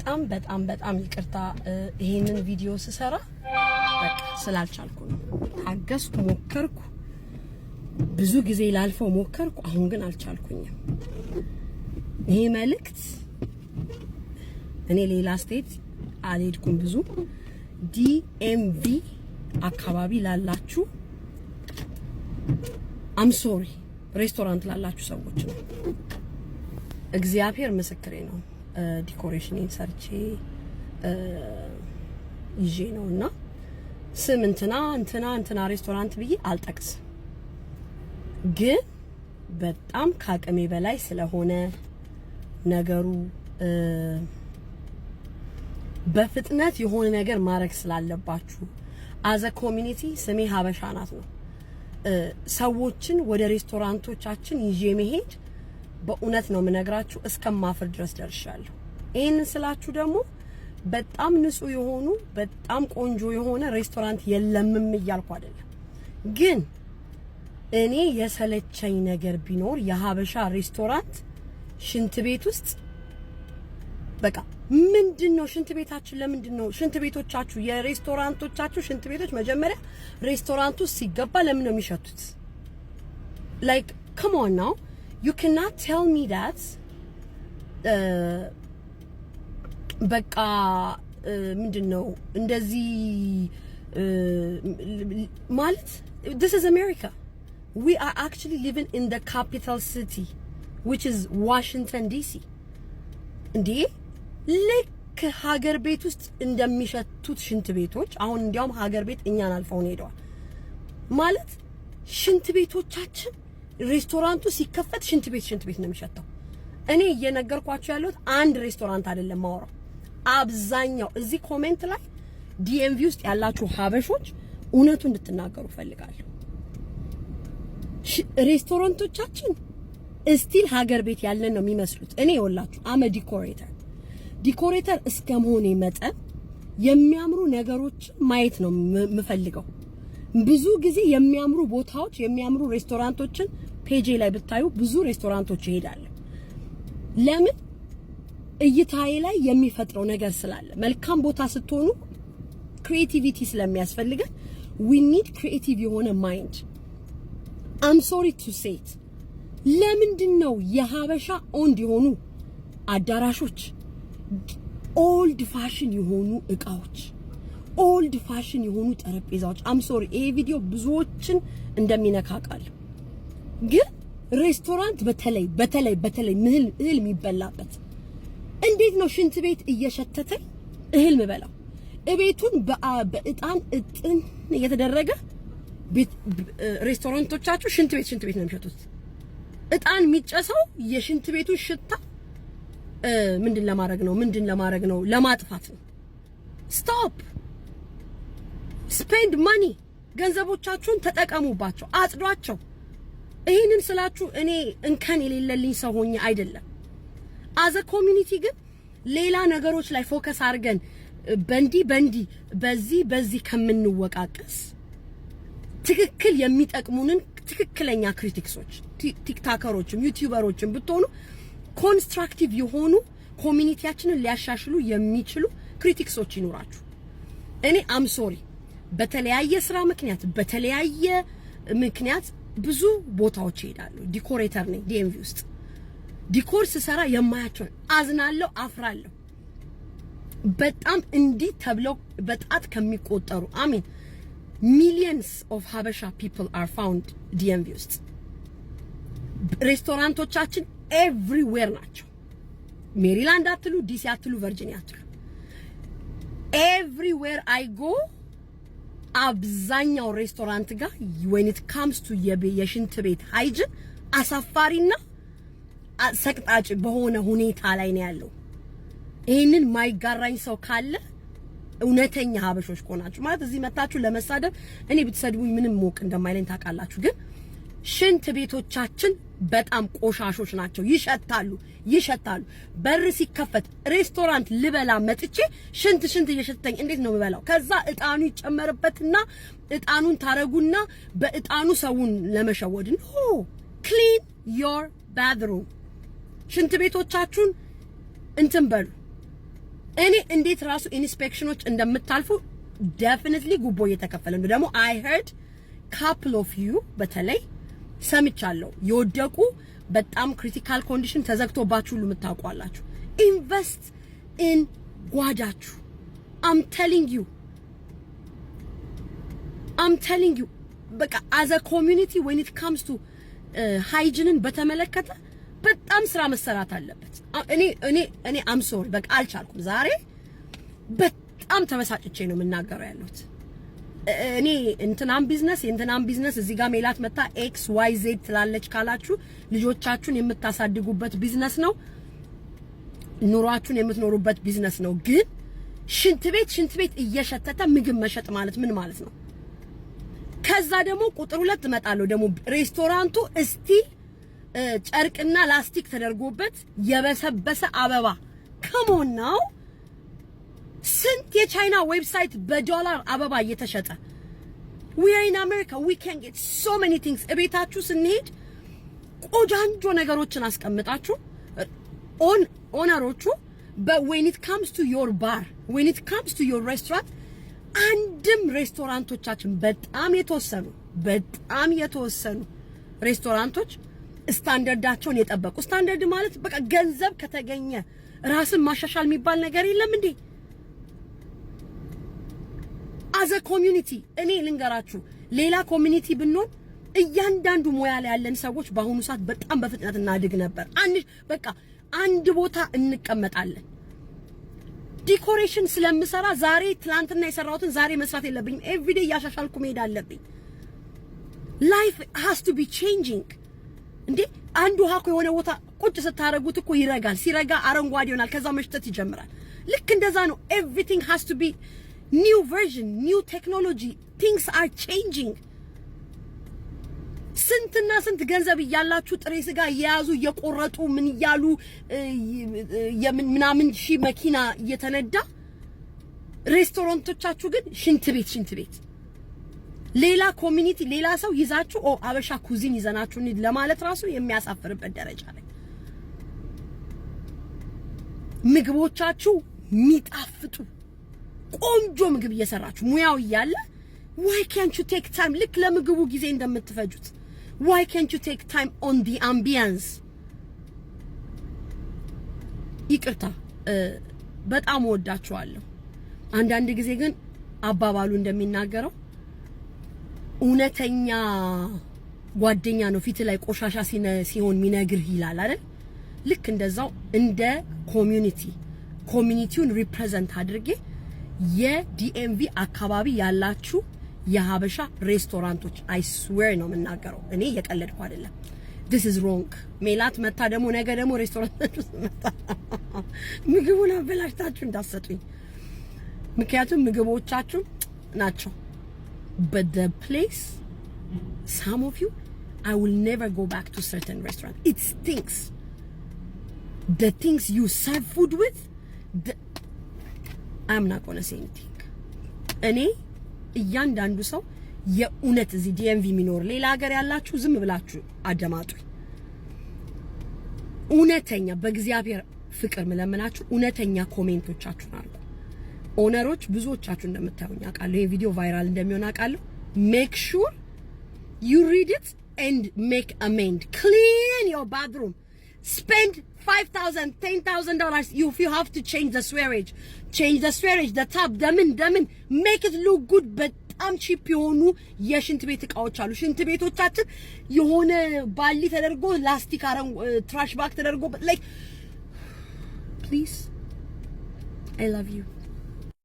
በጣም በጣም በጣም ይቅርታ ይሄንን ቪዲዮ ስሰራ በቃ ስላልቻልኩ ነው። ታገስኩ፣ ሞከርኩ፣ ብዙ ጊዜ ላልፈው ሞከርኩ። አሁን ግን አልቻልኩኝም። ይሄ መልእክት እኔ ሌላ ስቴት አልሄድኩም ብዙ ዲኤምቪ አካባቢ ላላችሁ አምሶሪ ሬስቶራንት ላላችሁ ሰዎች ነው። እግዚአብሔር ምስክሬ ነው። ዲኮሬሽን ሰርቼ ይዤ ነው እና ስም እንትና እንትና እንትና ሬስቶራንት ብዬ አልጠቅስ ግን በጣም ከአቅሜ በላይ ስለሆነ ነገሩ በፍጥነት የሆነ ነገር ማድረግ ስላለባችሁ አዘ ኮሚኒቲ ስሜ ሀበሻ ናት ነው ሰዎችን ወደ ሬስቶራንቶቻችን ይዤ መሄድ በእውነት ነው የምነግራችሁ እስከማፍር ድረስ ደርሻለሁ። ይህንን ስላችሁ ደግሞ በጣም ንጹህ የሆኑ በጣም ቆንጆ የሆነ ሬስቶራንት የለምም እያልኩ አይደለም። ግን እኔ የሰለቸኝ ነገር ቢኖር የሀበሻ ሬስቶራንት ሽንት ቤት ውስጥ በቃ ምንድን ነው ሽንት ቤታችን? ለምንድን ነው ሽንት ቤቶቻችሁ የሬስቶራንቶቻችሁ ሽንት ቤቶች መጀመሪያ ሬስቶራንቱ ሲገባ ለምን ነው የሚሸቱት? ላይክ ከመሆን ነው ዩ ካናት ቴል ሚ ዳት በቃ uh, ምንድን ነው እንደዚህ uh, ማለት ዲስ ኢዝ አሜሪካ ዊ አር አክቹዋሊ ሊቪንግ ኢን ዘ ካፒታል ሲቲ ዊች ኢዝ ዋሽንግተን ዲሲ። እንዴ ልክ ሀገር ቤት ውስጥ እንደሚሸቱት ሽንት ቤቶች አሁን እንዲያውም ሀገር ቤት እኛን አልፈውን ሄደዋል። ማለት ሽንት ቤቶቻችን ሬስቶራንቱ ሲከፈት ሽንት ቤት ሽንት ቤት ነው የሚሸተው። እኔ እየነገርኳቸው ያለሁት አንድ ሬስቶራንት አይደለም ማወራው። አብዛኛው እዚህ ኮሜንት ላይ ዲኤምቪ ውስጥ ያላችሁ ሀበሾች እውነቱ እንድትናገሩ ፈልጋለሁ። ሬስቶራንቶቻችን እስቲል ሀገር ቤት ያለን ነው የሚመስሉት። እኔ የወላችሁ አመ ዲኮሬተር ዲኮሬተር እስከ መሆኔ መጠን የሚያምሩ ነገሮችን ማየት ነው የምፈልገው። ብዙ ጊዜ የሚያምሩ ቦታዎች የሚያምሩ ሬስቶራንቶችን ፔጄ ላይ ብታዩ ብዙ ሬስቶራንቶች ይሄዳሉ። ለምን? እይታዬ ላይ የሚፈጥረው ነገር ስላለ መልካም ቦታ ስትሆኑ ክሪኤቲቪቲ ስለሚያስፈልገን ዊ ኒድ ክሪኤቲቭ የሆነ ማይንድ አም ሶሪ ቱ ሴት ለምንድን ነው የሀበሻ ኦንድ የሆኑ አዳራሾች ኦልድ ፋሽን የሆኑ እቃዎች ኦልድ ፋሽን የሆኑ ጠረጴዛዎች አም ሶሪ ይሄ ቪዲዮ ብዙዎችን እንደሚነካ ግን ሬስቶራንት በተለይ በተለይ በተለይ ምህል እህል የሚበላበት እንዴት ነው ሽንት ቤት እየሸተተኝ እህል ምበላው? እቤቱን በእጣን እጥን እየተደረገ ሬስቶራንቶቻችሁ ሽንት ቤት ሽንት ቤት ነው የሚሸጡት። እጣን የሚጨሰው የሽንት ቤቱን ሽታ ምንድን ለማድረግ ነው? ምንድን ለማድረግ ነው? ለማጥፋት ነው። ስቶፕ ስፔንድ ማኒ ገንዘቦቻችሁን ተጠቀሙባቸው፣ አጽዷቸው። ይህንን ስላችሁ እኔ እንከን የሌለልኝ ሰው ሆኜ አይደለም። አዘ ኮሚኒቲ ግን ሌላ ነገሮች ላይ ፎከስ አድርገን በእንዲህ በእንዲህ በዚህ በዚህ ከምንወቃቀስ ትክክል የሚጠቅሙንን ትክክለኛ ክሪቲክሶች ቲክታከሮችም ዩቲዩበሮችም ብትሆኑ ኮንስትራክቲቭ የሆኑ ኮሚኒቲያችንን ሊያሻሽሉ የሚችሉ ክሪቲክሶች ይኖራችሁ። እኔ አም ሶሪ በተለያየ ስራ ምክንያት በተለያየ ምክንያት ብዙ ቦታዎች ይሄዳሉ። ዲኮሬተር ነኝ ዲኤምቪ ውስጥ ዲኮር ስሰራ የማያቸውን አዝናለሁ፣ አፍራለሁ። በጣም እንዲህ ተብለው በጣት ከሚቆጠሩ አሚን ሚሊየንስ ኦፍ ሀበሻ ፒፕል አር ፋውንድ ዲኤምቪ ውስጥ ሬስቶራንቶቻችን ኤቭሪዌር ናቸው። ሜሪላንድ አትሉ፣ ዲሲ አትሉ፣ ቨርጂኒያ አትሉ ኤቭሪዌር አይ ጎ አብዛኛው ሬስቶራንት ጋር ወይኒት ካምስ ቱ የሽንት ቤት ሃይጅን አሳፋሪና ሰቅጣጭ በሆነ ሁኔታ ላይ ነው ያለው። ይህንን ማይጋራኝ ሰው ካለ እውነተኛ ሀበሾች ከሆናችሁ ማለት እዚህ መታችሁ ለመሳደብ እኔ ብትሰድቡኝ ምንም ሞቅ እንደማይለኝ ታውቃላችሁ ግን ሽንት ቤቶቻችን በጣም ቆሻሾች ናቸው። ይሸታሉ ይሸታሉ። በር ሲከፈት ሬስቶራንት ልበላ መጥቼ ሽንት ሽንት እየሸተኝ እንዴት ነው የምበላው? ከዛ እጣኑ ይጨመርበትና እጣኑን ታረጉና በእጣኑ ሰውን ለመሸወድ ኖ ክሊን ዮር ባትሩም ሽንት ቤቶቻችሁን እንትን በሉ። እኔ እንዴት ራሱ ኢንስፔክሽኖች እንደምታልፉ ዴፊኒትሊ ጉቦ እየተከፈለ ነው። ደግሞ አይ ሄርድ ካፕል ኦፍ ዩ በተለይ ሰምቻለሁ። የወደቁ በጣም ክሪቲካል ኮንዲሽን ተዘግቶባችሁ ሁሉ የምታውቋላችሁ። ኢንቨስት ኢን ጓዳችሁ። አም ቴሊንግ ዩ አም ቴሊንግ ዩ በቃ አዘ ኮሚዩኒቲ ዌን ኢት ካምስ ቱ ሃይጂንን በተመለከተ በጣም ስራ መሰራት አለበት። uh, እኔ እኔ እኔ አም ሶሪ በቃ አልቻልኩም። ዛሬ በጣም ተመሳጭቼ ነው የምናገረው ያለሁት። እኔ እንትናም ቢዝነስ የእንትናም ቢዝነስ እዚህ ጋር ሜላት መታ ኤክስ ዋይ ዜድ ትላለች ካላችሁ ልጆቻችሁን የምታሳድጉበት ቢዝነስ ነው። ኑሯችሁን የምትኖሩበት ቢዝነስ ነው። ግን ሽንት ቤት ሽንት ቤት እየሸተተ ምግብ መሸጥ ማለት ምን ማለት ነው? ከዛ ደግሞ ቁጥር ሁለት እመጣለሁ። ደግሞ ሬስቶራንቱ እስቲል ጨርቅና ላስቲክ ተደርጎበት የበሰበሰ አበባ ነው? ስንት የቻይና ዌብሳይት በዶላር አበባ እየተሸጠ we are in America we can get so many things እቤታችሁ ስንሄድ ቆጃንጆ ነገሮችን አስቀምጣችሁ ኦን ኦነሮቹ when it comes to your bar when it comes to your restaurant አንድም ሬስቶራንቶቻችን በጣም የተወሰኑ በጣም የተወሰኑ ሬስቶራንቶች ስታንደርዳቸውን የጠበቁ ስታንደርድ ማለት በቃ ገንዘብ ከተገኘ ራስን ማሻሻል የሚባል ነገር የለም እንዴ? አዘ ኮሚዩኒቲ እኔ ልንገራችሁ፣ ሌላ ኮሚኒቲ ብንሆን እያንዳንዱ ሙያ ላይ ያለን ሰዎች በአሁኑ ሰዓት በጣም በፍጥነት እናድግ ነበር። አንድ በቃ አንድ ቦታ እንቀመጣለን። ዲኮሬሽን ስለምሰራ ዛሬ ትላንትና የሰራሁትን ዛሬ መስራት የለብኝም። ኤቭሪዴ እያሻሻልኩ መሄድ አለብኝ። ላይፍ ሃስ ቱ ቢ ቼንጂንግ። እንዴ አንድ ውሃ እኮ የሆነ ቦታ ቁጭ ስታረጉት እኮ ይረጋል። ሲረጋ አረንጓዴ ይሆናል። ከዛ መሽተት ይጀምራል። ልክ እንደዛ ነው። ኤቭሪቲንግ ሃስ ቱ ቢ ኒው ቨርዥን ኒው ቴክኖሎጂ ቲንግስ አር ቼንጂንግ። ስንትና ስንት ገንዘብ እያላችሁ ጥሬ ስጋ እየያዙ እየቆረጡ ምን እያሉ ምናምን ሺህ መኪና እየተነዳ ሬስቶራንቶቻችሁ ግን ሽንት ቤት ሽንት ቤት ሌላ ኮሚኒቲ ሌላ ሰው ይዛችሁ ኦ አበሻ ኩዚን ይዘናችሁ ለማለት ራሱ የሚያሳፍርበት ደረጃ ላይ ምግቦቻችሁ ሚጣፍጡ ቆንጆ ምግብ እየሰራችሁ ሙያው እያለ ዋይ ካንት ዩ ቴክ ታይም ልክ ለምግቡ ጊዜ እንደምትፈጁት ዋይ ካንት ዩ ቴክ ታይም ኦን ዲ አምቢያንስ። ይቅርታ በጣም ወዳችኋለሁ። አንዳንድ ጊዜ ግን አባባሉ እንደሚናገረው እውነተኛ ጓደኛ ነው ፊት ላይ ቆሻሻ ሲሆን ሚነግርህ ይላል አይደል? ልክ እንደዛው እንደ ኮሚዩኒቲ ኮሚዩኒቲውን ሪፕሬዘንት አድርጌ የዲኤምቪ አካባቢ ያላችሁ የሀበሻ ሬስቶራንቶች አይስዌር ነው የምናገረው። እኔ እየቀለድኩ አይደለም። ዲስ ኢዝ ሮንግ። ሜላት መታ ደግሞ ነገ ደግሞ ሬስቶራንት መታ ምግቡን አበላሽታችሁ እንዳሰጡኝ፣ ምክንያቱም ምግቦቻችሁ ናቸው። but the place some of you I will never go back to certain restaurant it stinks the things you serve food with the, አምና ቆነ ሴንቲንግ እኔ እያንዳንዱ ሰው የእውነት እዚህ ዲኤምቪ የሚኖር ሌላ ሀገር ያላችሁ ዝም ብላችሁ አደማጡኝ። እውነተኛ በእግዚአብሔር ፍቅር ምለምናችሁ እውነተኛ ኮሜንቶቻችሁን አሉ። ኦነሮች ብዙዎቻችሁ እንደምታዩኝ አውቃለሁ። ይህ ቪዲዮ ቫይራል እንደሚሆን አውቃለሁ። ሜክ ሹር ዩ ሪድ ኢት ኤንድ ሜክ አሜንድ ክሊን ዮር ባትሩም Spend $5,000, $10,000 if you have to change the ስዌሬጅ ቼንጅ ዘ ስዌሬጅ ዘ ታብ ደምን ደምን ሜክ ኢት ሉክ ጉድ በጣም ቺፕ የሆኑ የሽንት ቤት እቃዎች አሉ። ሽንት ቤቶቻችን የሆነ ባሊ ተደርጎ ላስቲክ አረን ትራሽ ባክ ተደርጎ ላይክ ፕሊዝ አይ ላቭ ዩ